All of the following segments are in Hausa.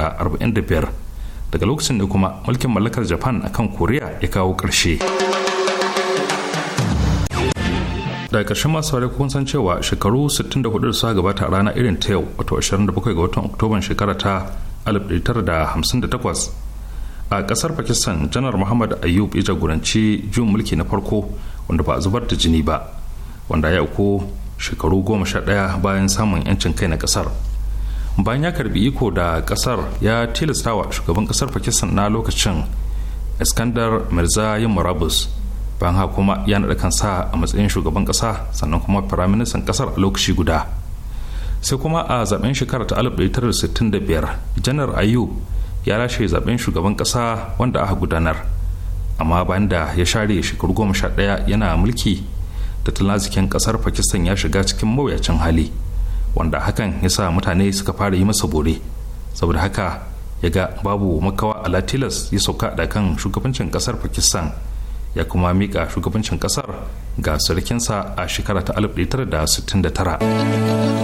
45 daga lokacin ne kuma mulkin mallakar japan akan koriya ya kawo ƙarshe daga ƙarshen masu saurari kun san cewa shekaru 64 da suka gabata a rana irin ta yau wato 27 ga watan oktoban shekara ta 1958 a ƙasar pakistan janar muhammad ayub ya jagoranci juyin mulki na farko wanda ba a zubar da jini ba wanda ya uku shekaru 11 bayan samun 'yancin kai na ƙasar bayan ya karbi iko da kasar ya tilasta wa shugaban kasar pakistan na lokacin iskandar mirza yin murabus bayan haka kuma ya naɗa kansa a matsayin shugaban kasa sannan kuma firaministan kasar a lokaci guda sai kuma a zaben shekara ta biyar janar ayub ya lashe zaben shugaban kasa wanda aka gudanar amma bayan da ya share shekaru goma sha ɗaya yana mulki tattalin arzikin kasar pakistan ya shiga cikin mawuyacin hali wanda hakan ya sa mutane suka fara yi masa bore saboda haka ya ga babu makawa a latilas ya sauka da kan shugabancin kasar pakistan ya kuma miƙa shugabancin kasar ga sarkinsa a shekara ta 1969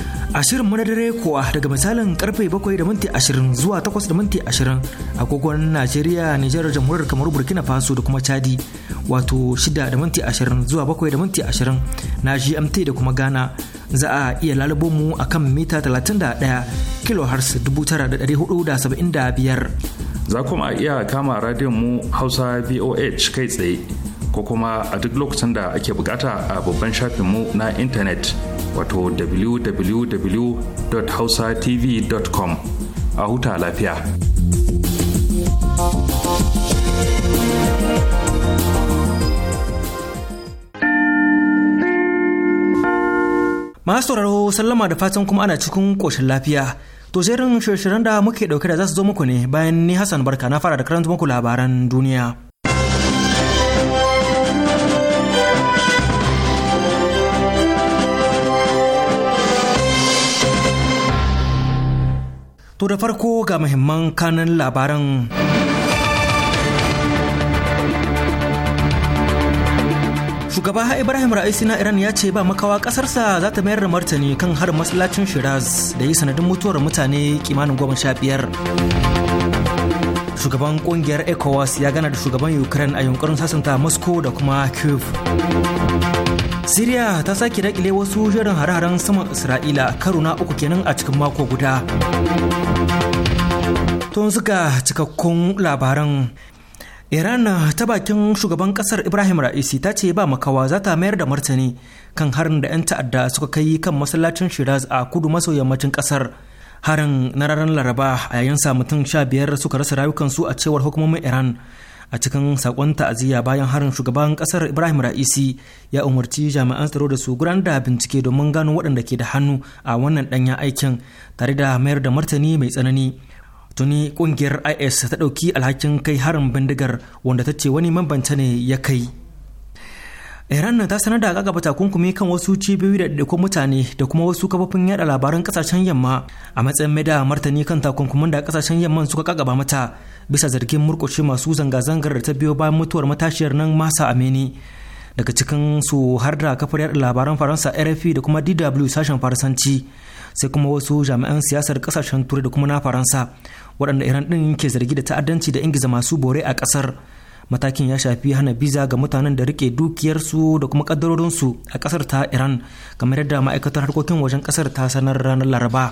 ashirin mu na dare kuwa daga misalin karfe 7 da minti 20 zuwa 8 da minti a agogon Najeriya, Nijar, Jamhuriyar kamar Burkina Faso da kuma Chadi wato 6 da minti 20 zuwa 7 da minti 20 na GMT da kuma Ghana za a iya lalubo mu a kan mita 31 da biyar. Za kuma a iya kama radiyon mu Hausa VOH kai tsaye ko kuma a duk lokacin da ake bukata a babban shafinmu na intanet wato www.hausatv.com a huta lafiya. Masu sauraro sallama da fatan kuma ana cikin ƙoshin lafiya. To jerin shirye-shiryen da muke dauke da za su zo muku ne bayan ni Hassan Barka na fara da karanta muku labaran duniya. To da farko ga muhimman kanan labaran. Shugaba Ibrahim Ra'isi na Iran ya ce ba makawa kasarsa za ta mayar da martani kan harin masallacin Shiraz da yi sanadin mutuwar mutane kimanin goma sha biyar. Shugaban kungiyar ECOWAS ya gana da shugaban Ukraine a yunkurin sasanta Moscow da kuma Kyiv. Siriya ta sake dakile wasu jerin hararen saman Isra'ila karo na uku kenan a cikin mako guda. Tun suka cikakkun labaran Iran ta bakin shugaban kasar Ibrahim Ra'isi ta ce ba makawa za ta mayar da martani kan harin da 'yan ta'adda suka kai kan masallacin Shiraz a kudu maso yammacin kasar. Harin na ranar Laraba a yayin sa mutum sha biyar suka rasa rayukansu a cewar hukumomin Iran. a cikin sakon ta'aziyya bayan harin shugaban kasar ibrahim ra'isi ya umarci jami'an tsaro da su gudanar da bincike domin gano waɗanda ke da hannu a wannan ɗanyen aikin tare da mayar da martani mai tsanani tuni ƙungiyar is ta ɗauki alhakin kai harin bindigar wanda ta ce wani mambance ne ya kai Iran ta sanar da gagaba takunkumi kan wasu cibiyoyi da ɗaiɗaikun mutane da kuma wasu kafofin yada labaran kasashen yamma a matsayin mai da martani kan takunkumin da kasashen yamman suka kagaba mata bisa zargin murƙushe masu zanga-zangar da ta biyo bayan mutuwar matashiyar nan Masa Amini. Daga cikin su har da kafar yada labaran Faransa RFI da kuma DW sashen Faransanci sai kuma wasu jami'an siyasar kasashen Turai da kuma na Faransa waɗanda Iran ɗin ke zargi da ta'addanci da ingiza masu bore a ƙasar. matakin ya shafi hana biza ga mutanen da rike dukiyarsu da kuma kaddarorinsu a kasar ta iran kamar yadda ma'aikatar harkokin wajen kasar ta sanar ranar laraba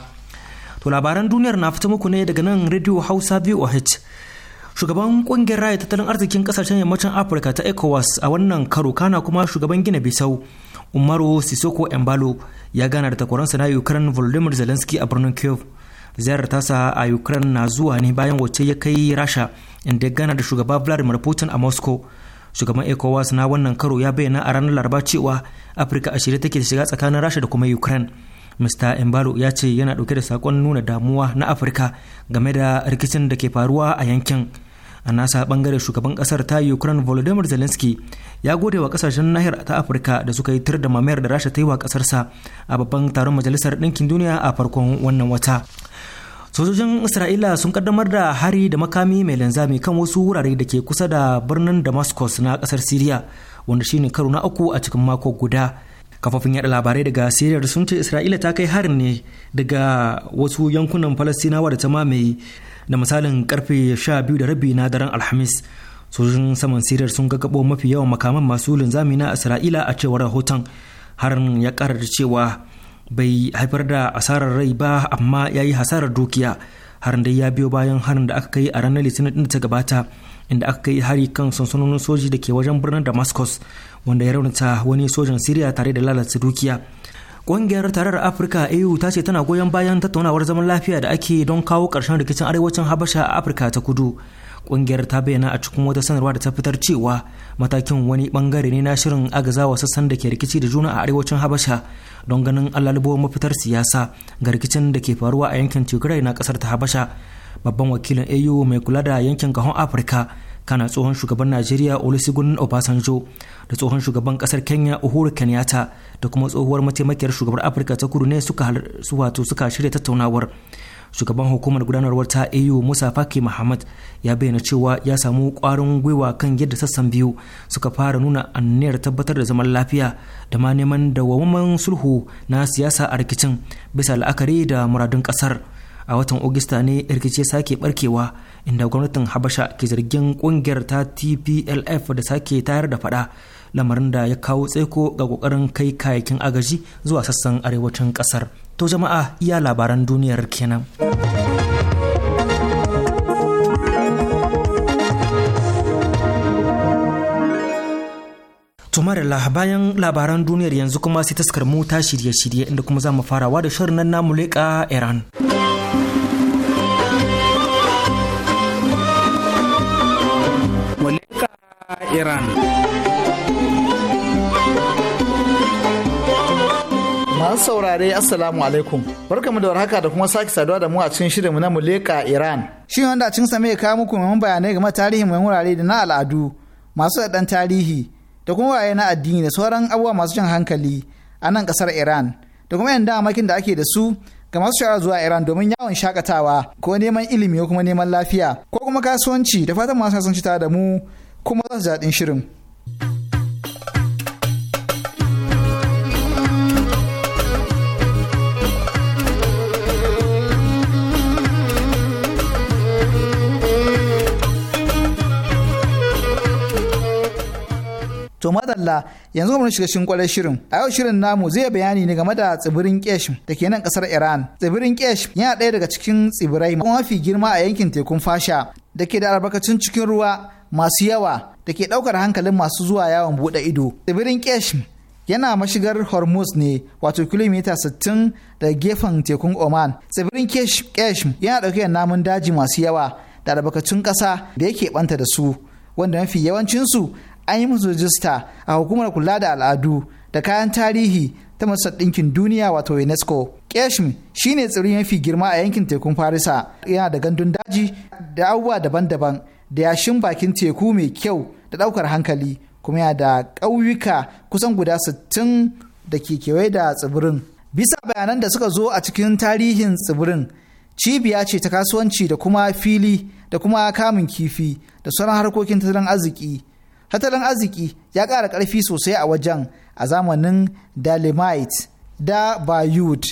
to labaran duniyar na fita muku ne daga nan radio hausa voh shugaban kungiyar raya tattalin arzikin kasashen yammacin afirka ta ecowas a wannan karo kana kuma shugaban gina bisau umaru sisoko embalo ya gana da takwaransa na ukraine volodymyr zelensky a birnin kyiv ziyarar tasa a ukraine na zuwa ne bayan wacce ya kai rasha inda ya gana da shugaba vladimir putin a moscow shugaban ecowas na wannan karo ya bayyana a ranar laraba cewa afirka a take shiga tsakanin rasha da kuma ukraine mr embalo ya ce yana dauke da sakon nuna damuwa na afirka game da rikicin da ke faruwa a yankin a nasa bangare shugaban kasar ta ukraine volodymyr zelensky ya gode wa kasashen nahiyar ta afirka da suka yi tir da mamayar da rasha ta yi wa kasarsa a babban taron majalisar ɗinkin duniya a farkon wannan wata sojojin isra'ila sun kaddamar da hari da makami mai linzami kan wasu wurare da ke kusa da birnin damascus na kasar syria wanda shine karo na uku a cikin mako guda kafofin yada labarai daga syria sun ce isra'ila ta kai harin ne daga wasu yankunan falastinawa da ta mamaye da misalin karfe biyu da rabi na daren alhamis sojojin saman syria sun gaggabo mafi yawan makaman masu linzami na isra'ila a cewar rahoton harin ya karar cewa bai haifar da asarar rai ba amma ya yi hasarar dukiya harin da ya biyo bayan harin da aka kai a ranar litinin din ta gabata inda aka kai hari kan sansanonin soji da ke wajen birnin damascus wanda ya raunata wani sojan siriya tare da lalata dukiya ƙungiyar tarar afirka au ta ce tana goyon bayan tattaunawar zaman lafiya da ake don kawo ƙarshen rikicin arewacin habasha a afirka ta kudu kungiyar ta bayyana a cikin wata sanarwa da ta fitar cewa matakin wani bangare ne na shirin agazawa sassan da ke rikici da juna a arewacin habasha don ganin alalibo mafitar siyasa ga rikicin da ke faruwa a yankin tigray na kasar ta habasha babban wakilin au mai kula da yankin kahon afirka kana tsohon shugaban najeriya olusegun obasanjo da tsohon shugaban kasar kenya uhuru kenyatta da kuma tsohuwar mataimakiyar shugabar afirka ta kudu ne suka wato suka shirya tattaunawar shugaban hukumar gudanarwar ta au musa faki muhammad ya bayyana cewa ya samu kwarin gwiwa kan yadda sassan biyu suka fara nuna anniyar tabbatar da zaman lafiya da ma neman dawwammamen sulhu na siyasa a rikicin bisa la'akari da muradun kasar a watan Ogista ne ya sake barkewa inda gwamnatin Habasha ke zargin kungiyar ta TPLF da sake tayar da fada lamarin da ya kawo tsaiko ga kokarin kai kayakin agaji zuwa sassan arewacin kasar. To jama'a iya labaran duniyar kenan. Tumarilla bayan labaran duniyar yanzu kuma sai taskar mota ta shirye-shirye inda kuma za mu wa da shirin nan namu leƙa Iran. Iran. Masu saurare Assalamu alaikum. Barkamu da warhaka da kuma sake saduwa da mu a cikin shirin na Muleka Iran. Shin wanda cin sa mai kawo muku mun bayanai game tarihin mai wurare da na al'adu masu dan tarihi da kuma wurare na addini da sauran abubuwa masu jan hankali a nan kasar Iran da kuma yan damakin da ake da su ga masu shara zuwa Iran domin yawon shakatawa ko neman ilimi ko kuma neman lafiya ko kuma kasuwanci da fatan masu kasance tare da mu kuma za su daɗin shirin. To madalla yanzu kuma shiga cikin kwarar shirin. A yau shirin namu zai bayani ne game da tsibirin Kesh da ke nan kasar Iran. Tsibirin Kesh yana ɗaya daga cikin tsibirai mafi girma a yankin tekun fasha da ke da albarkacin cikin ruwa masu yawa da ke ɗaukar hankalin masu zuwa yawon buɗe ido. Tsibirin Kesh yana mashigar Hormuz ne wato kilomita 60 daga gefen tekun Oman. Tsibirin Kesh yana ɗauke da namun daji masu yawa da albarkacin ƙasa da yake ɓanta da su. wanda mafi yawancinsu an yi musu rajista a hukumar kula da al'adu da kayan tarihi ta masar Ɗinkin Duniya wato UNESCO. keshm shine tsiri mafi girma a yankin tekun Farisa yana da gandun daji da abubuwa daban-daban da yashin bakin teku mai kyau da ɗaukar hankali kuma yana da ƙauyuka kusan guda sittin da ke kewaye da tsibirin. Bisa bayanan da suka zo a cikin tarihin tsibirin cibiya ce ta kasuwanci da kuma fili da kuma kamun kifi da sauran harkokin tattalin arziki tattalin arziki ya ƙara ƙarfi sosai a wajen a zamanin dalemite da bayud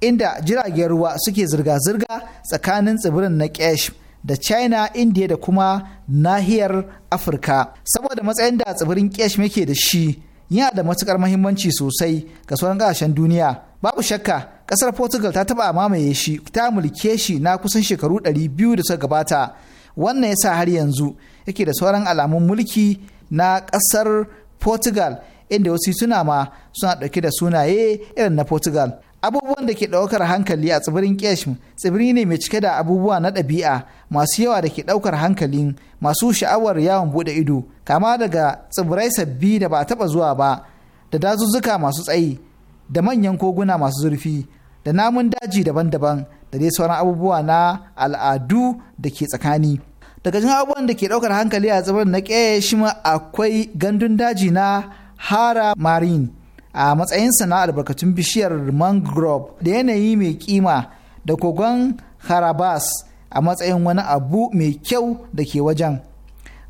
inda jiragen ruwa suke zirga-zirga tsakanin tsibirin na kesh da china india da kuma nahiyar afirka saboda matsayin da tsibirin kesh yake da shi yana da matukar mahimmanci sosai ga sauran kasashen duniya babu shakka kasar portugal ta taba mamaye shi ta mulke shi na kusan shekaru 200 da suka gabata wannan yasa har yanzu yake da sauran alamun mulki na ƙasar Portugal inda wasu suna ma suna ɗauke da sunaye irin na Portugal. Abubuwan da ke ɗaukar hankali a tsibirin Keshm tsibiri ne mai cike da abubuwa na ɗabi'a masu yawa da ke ɗaukar hankalin masu sha'awar yawon buɗe ido kama daga tsibirai sabbi da ba a taɓa zuwa ba da dazuzzuka masu tsayi da manyan koguna masu zurfi da namun daji daban-daban da dai sauran abubuwa na al'adu da ke tsakani. daga cikin abubuwan da ke daukar hankali a tsibirin na shima akwai gandun daji na hara marine a matsayinsa na albarkatun bishiyar mangrove da yanayi mai kima da kogon harabas a matsayin wani abu mai kyau da ke wajen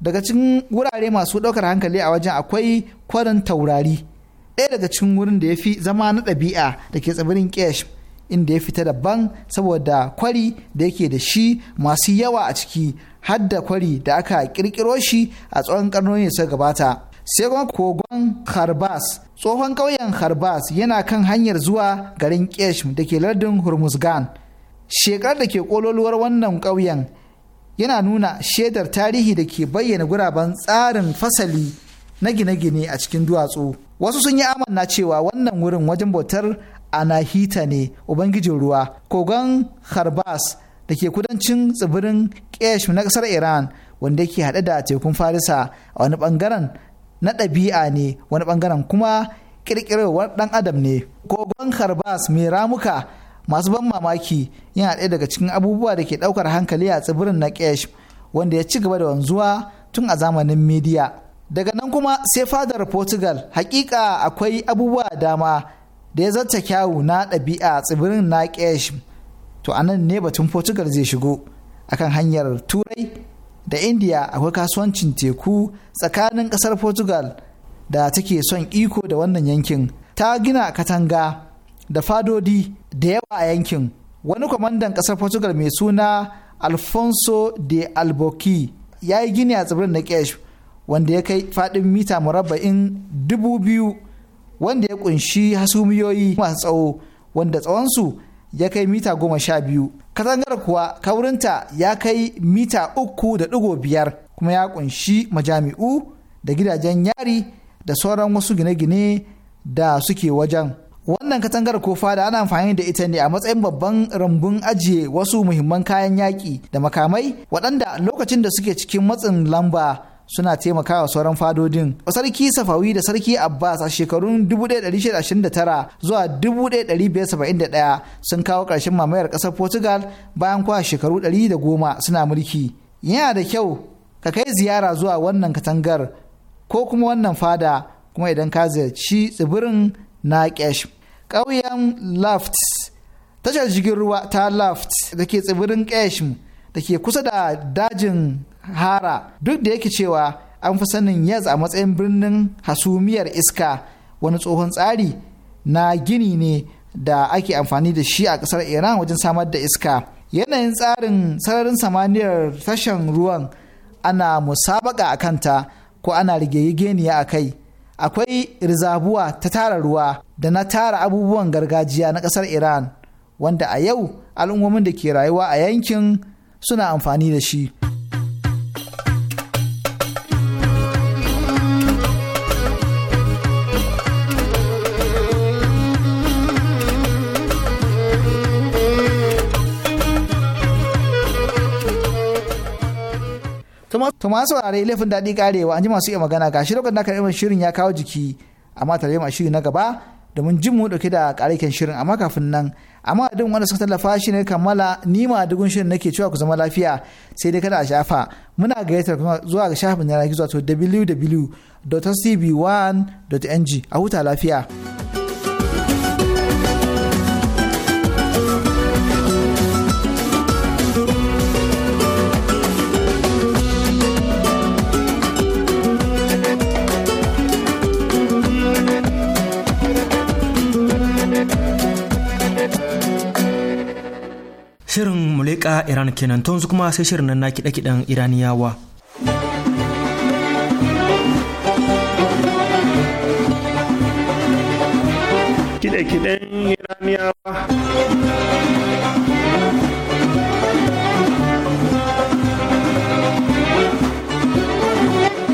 daga cikin wurare masu ɗaukar hankali a wajen akwai kwarin taurari ɗaya daga cikin wurin da ya fi zama na ɗabi'a da ke tsibirin kesh inda ya fita daban saboda kwari da yake da shi masu yawa a ciki har kwari da aka kirkiro shi a tsawon karnoni da gabata sai kuma kogon harbas tsohon ƙauyen harbas yana kan hanyar zuwa garin kesh da ke lardin hormuzgan shekar da ke kololuwar wannan ƙauyen yana nuna shaidar tarihi da ke bayyana guraben tsarin fasali na gine-gine a cikin duwatsu wasu sun yi amanna cewa wannan wurin wajen bautar anahita ne ubangijin ruwa kogon harbas da ke kudancin tsibirin kesh na ƙasar iran wanda ke haɗe da tekun farisa a wani ɓangaren na ɗabi'a ne wani ɓangaren kuma ƙirƙirewar ɗan adam ne kogon harbas mai ramuka masu ban mamaki yana ɗaya daga cikin abubuwa da ke ɗaukar hankali a tsibirin na kesh wanda ya ci gaba da wanzuwa tun a zamanin midiya daga nan kuma sai fadar portugal hakika akwai abubuwa dama da ya zarta kyawu na ɗabi'a tsibirin na kesh to anan ne batun portugal zai shigo akan hanyar turai da indiya akwai kasuwancin teku tsakanin ƙasar portugal da take son iko da wannan yankin ta gina katanga da fadodi da yawa a yankin wani kwamandan ƙasar portugal mai suna alfonso de alboki ya yi gini a tsibirin na kesh wanda ya kai faɗin mita murabba'in dubu biyu wanda ya kunshi hasumiyoyi masu tsawo wanda tsawonsu ya kai mita goma sha biyu katangar kuwa kaurinta ya kai mita uku da ɗigo biyar kuma ya kunshi majami'u da gidajen yari da sauran wasu gine-gine da suke wajen wannan katangar ko fada ana amfani da ita ne a matsayin babban rambun ajiye wasu muhimman kayan yaƙi da makamai waɗanda lokacin da suke cikin matsin lamba suna taimakawa sauran fadodin. Sarki Safawi da Sarki Abbas a shekarun 1629 zuwa 1571 sun kawo ƙarshen mamayar ƙasar Portugal bayan kwa shekaru 110 suna mulki. Yana da kyau ka kai ziyara zuwa wannan katangar ko kuma wannan fada kuma idan ka ziyarci tsibirin na Kesh. Ƙauyen Laft tashar jirgin ruwa ta Laft da ke tsibirin Kesh da ke kusa da dajin hara duk da yake cewa an fi sanin yaz a matsayin birnin hasumiyar iska wani tsohon tsari na gini ne da ake amfani da shi a ƙasar iran wajen samar da iska yanayin tsarin sararin samaniyar tashan ruwan ana musabaka a kanta ko ana rigegeniya a kai akwai rizabuwa ta tara ruwa da na tara abubuwan gargajiya na ƙasar iran wanda a yau al'ummomin da ke rayuwa a yankin suna amfani da shi. tuma masu saurare laifin daɗi karewa an ji masu iya magana ga shi lokacin da aka shirin ya kawo jiki amma tare ma shiri na gaba domin jin mu dauke da ƙarikin shirin amma kafin nan amma duk wanda suka tallafa shi ne kammala ni ma dugun shirin nake cewa ku zama lafiya sai dai kada a shafa muna gayyatar kuma zuwa ga shafin na gizo to www.cb1.ng a huta lafiya. Shirin Muleka Iran kenan to kuma sai shirin nan na kiɗe-kiɗen Iraniyawa. kiɗe Iraniyawa.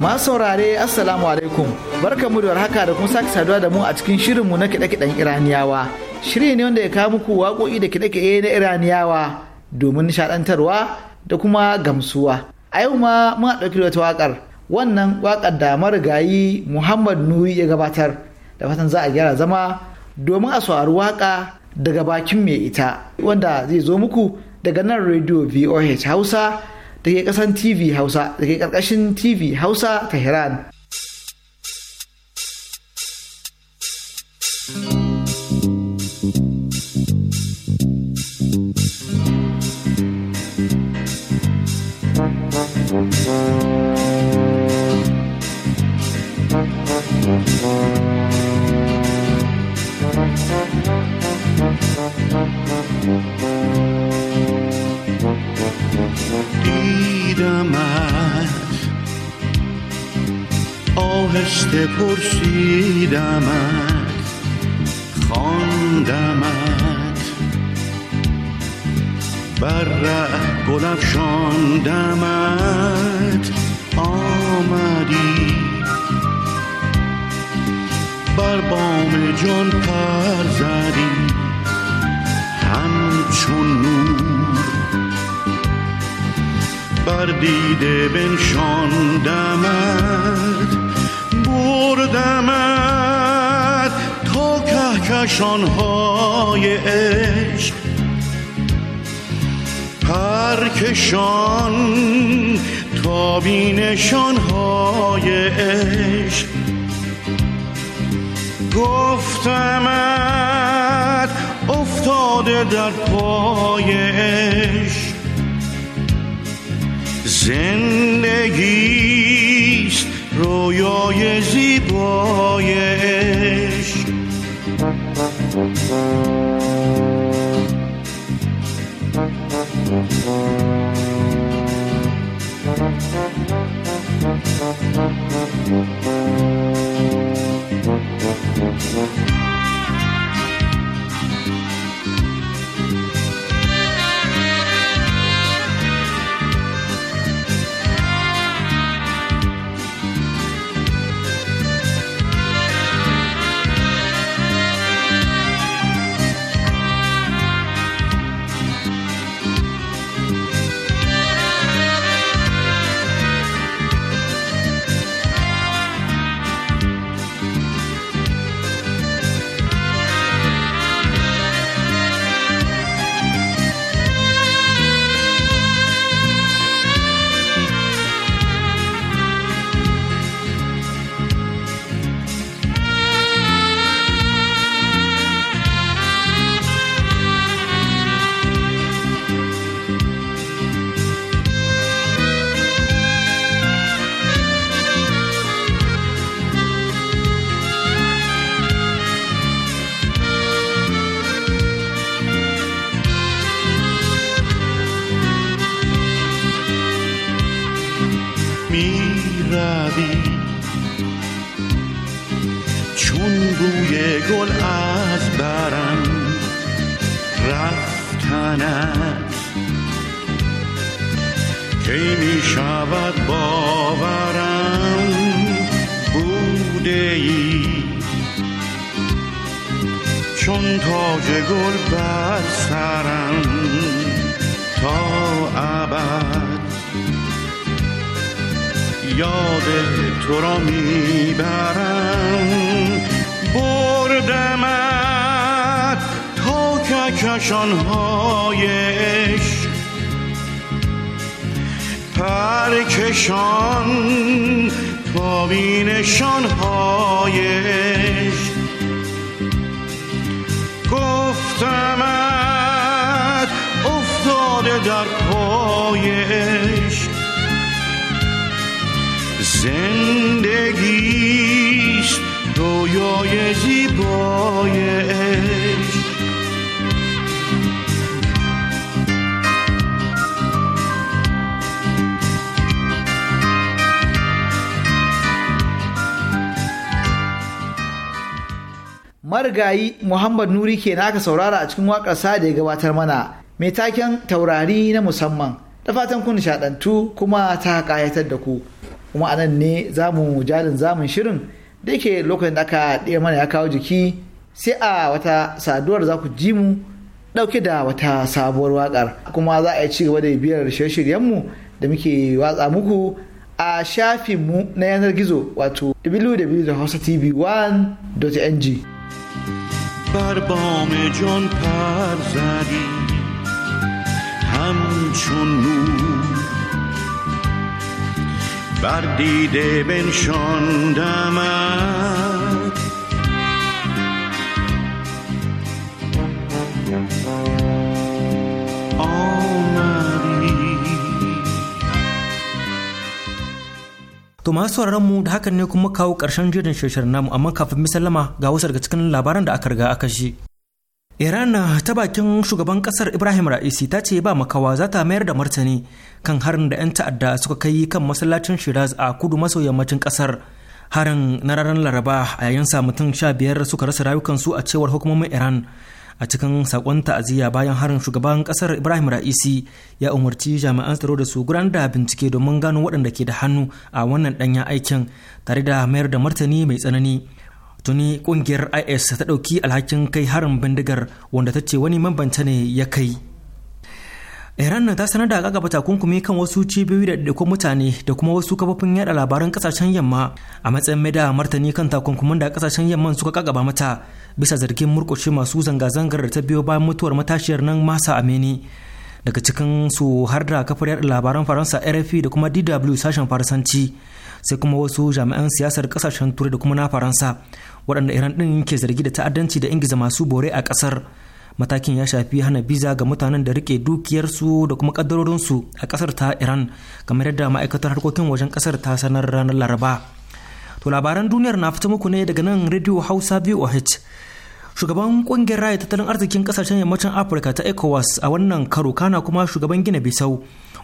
Masu saurare Assalamu alaikum. Barkamu da haka da kun sake saduwa da mu a cikin shirinmu na kiɗe-kiɗen Iraniyawa. shiri ne wanda ya kawo muku waƙoƙi da kiɗe-kiɗe na iraniyawa domin nishaɗantarwa da kuma gamsuwa a yau ma muna ɗauki wata waƙar wannan waƙar da marigayi muhammad nuri ya gabatar da fatan za a gyara zama domin a saurari waƙa daga bakin mai ita wanda zai zo muku daga nan rediyo voh hausa da ke kasan tv hausa da ke karkashin tv hausa ta hiran که پرسیدمت خواندمت بر ره گلف شاندمت آمدی بر بام جان پر زدی همچون نور بر دیده بنشاندمت بردمت تا کهکشانهای عشق پرکشان تا بینشانهای عشق گفتمت افتاده در پای عشق زندگی trojoješ i boješ. رفتنت کی می شود باورم بوده ای چون تاج گل بر سرم تا ابد یاد تو را میبرم بردم هایش پرکشان هایش گفتم افتاده در پایش زندگی رویای زیبایش marigayi muhammad nuri ke naka saurara a cikin waƙarsa da ya gabatar mana mai taken taurari na musamman da fatan kun nishaɗantu kuma ta kayatar da ku kuma anan ne za mu jalin zamun shirin da yake lokacin da aka ɗaya mana ya kawo jiki sai a wata saduwar za ku ji mu ɗauke da wata sabuwar waƙar kuma za a yi ci gaba da biyar shirye-shiryenmu da muke watsa muku a shafinmu na yanar gizo wato www.hausatv1.ng بر بام جان پر زدی همچون نور بر دیده بنشاندم To masu mu da haka ne kuma kawo karshen jirin shirin namu amma kafin misalama ga wasu daga cikin labaran da aka riga aka shi. Iran ta bakin shugaban kasar Ibrahim Ra'isi ta ce ba makawa za ta mayar da martani kan harin da 'yan ta'adda suka kai kan masallacin Shiraz a kudu maso yammacin kasar. Harin na ranar Laraba a yayin sa mutum sha biyar suka rasa rayukansu a cewar hukumomin Iran. a cikin sakon ta'aziyya bayan harin shugaban kasar ibrahim ra'isi ya umarci jami'an tsaro da su gudanar da bincike domin gano waɗanda ke da hannu a wannan ɗanyen aikin tare da mayar da martani mai tsanani tuni ƙungiyar is ta ɗauki alhakin kai harin bindigar wanda ta ce wani mambanta ne ya kai Iran na ta sanar da gagaba takunkumi kan wasu cibiyoyi da ɗaiɗaikun mutane da kuma wasu kafofin yada labaran kasashen yamma a matsayin mai da martani kan takunkumin da kasashen yamma suka kagaba mata bisa zargin murkushe masu zanga-zangar da ta biyo bayan mutuwar matashiyar nan masa amini daga cikin su har da kafar yada labaran faransa rfi da kuma dw sashen faransanci sai kuma wasu jami'an siyasar kasashen turai da kuma na faransa waɗanda iran din ke zargi da ta'addanci da ingiza masu bore a kasar. matakin ya shafi hana biza ga mutanen da rike dukiyarsu da kuma kaddarorinsu a kasar ta iran kamar yadda ma'aikatar harkokin wajen kasar ta sanar ranar laraba to labaran duniyar na fita muku ne daga nan radio hausa voh shugaban kungiyar raya tattalin arzikin kasashen yammacin afirka ta ecowas a wannan karo kana kuma shugaban gina bisau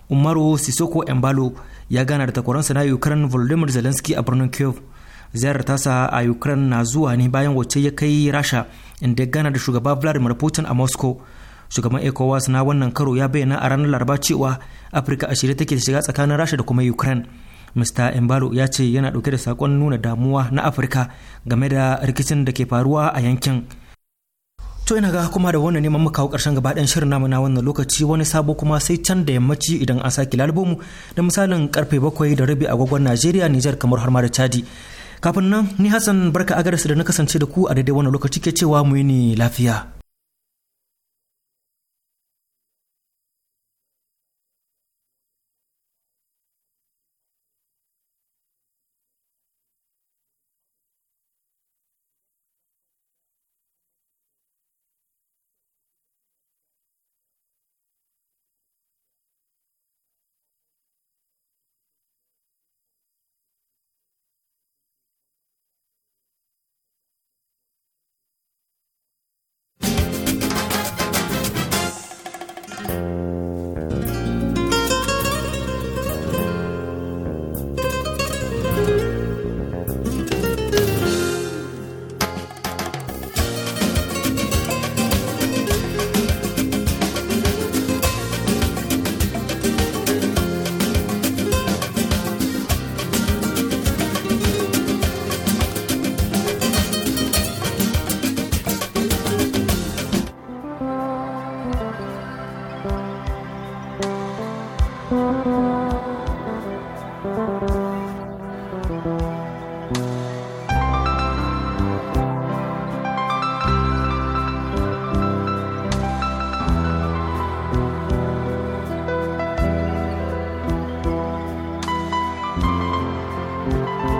umaru sisoko embalo ya gana da takwaransa na ukraine volodymyr zelensky a birnin kyiv ziyarar tasa a ukraine na zuwa ne bayan wacce ya kai rasha inda ya gana da shugaba vladimir putin a moscow shugaban ecowas na wannan karo ya bayyana a ranar laraba cewa afirka a shirye take shiga tsakanin rasha da kuma ukraine mr embalo ya ce yana dauke da sakon nuna damuwa na afirka game da rikicin da ke faruwa a yankin to ina ga kuma da wannan neman muka karshen gaba ɗan shirin namu na wannan lokaci wani sabo kuma sai can da yammaci idan an sake lalbomu da misalin karfe bakwai da rabi agogon najeriya nijar kamar har ma da chadi kafin nan ni hassan barka agaris da na kasance da ku a daidai wani lokaci ke cewa mu yi ni lafiya you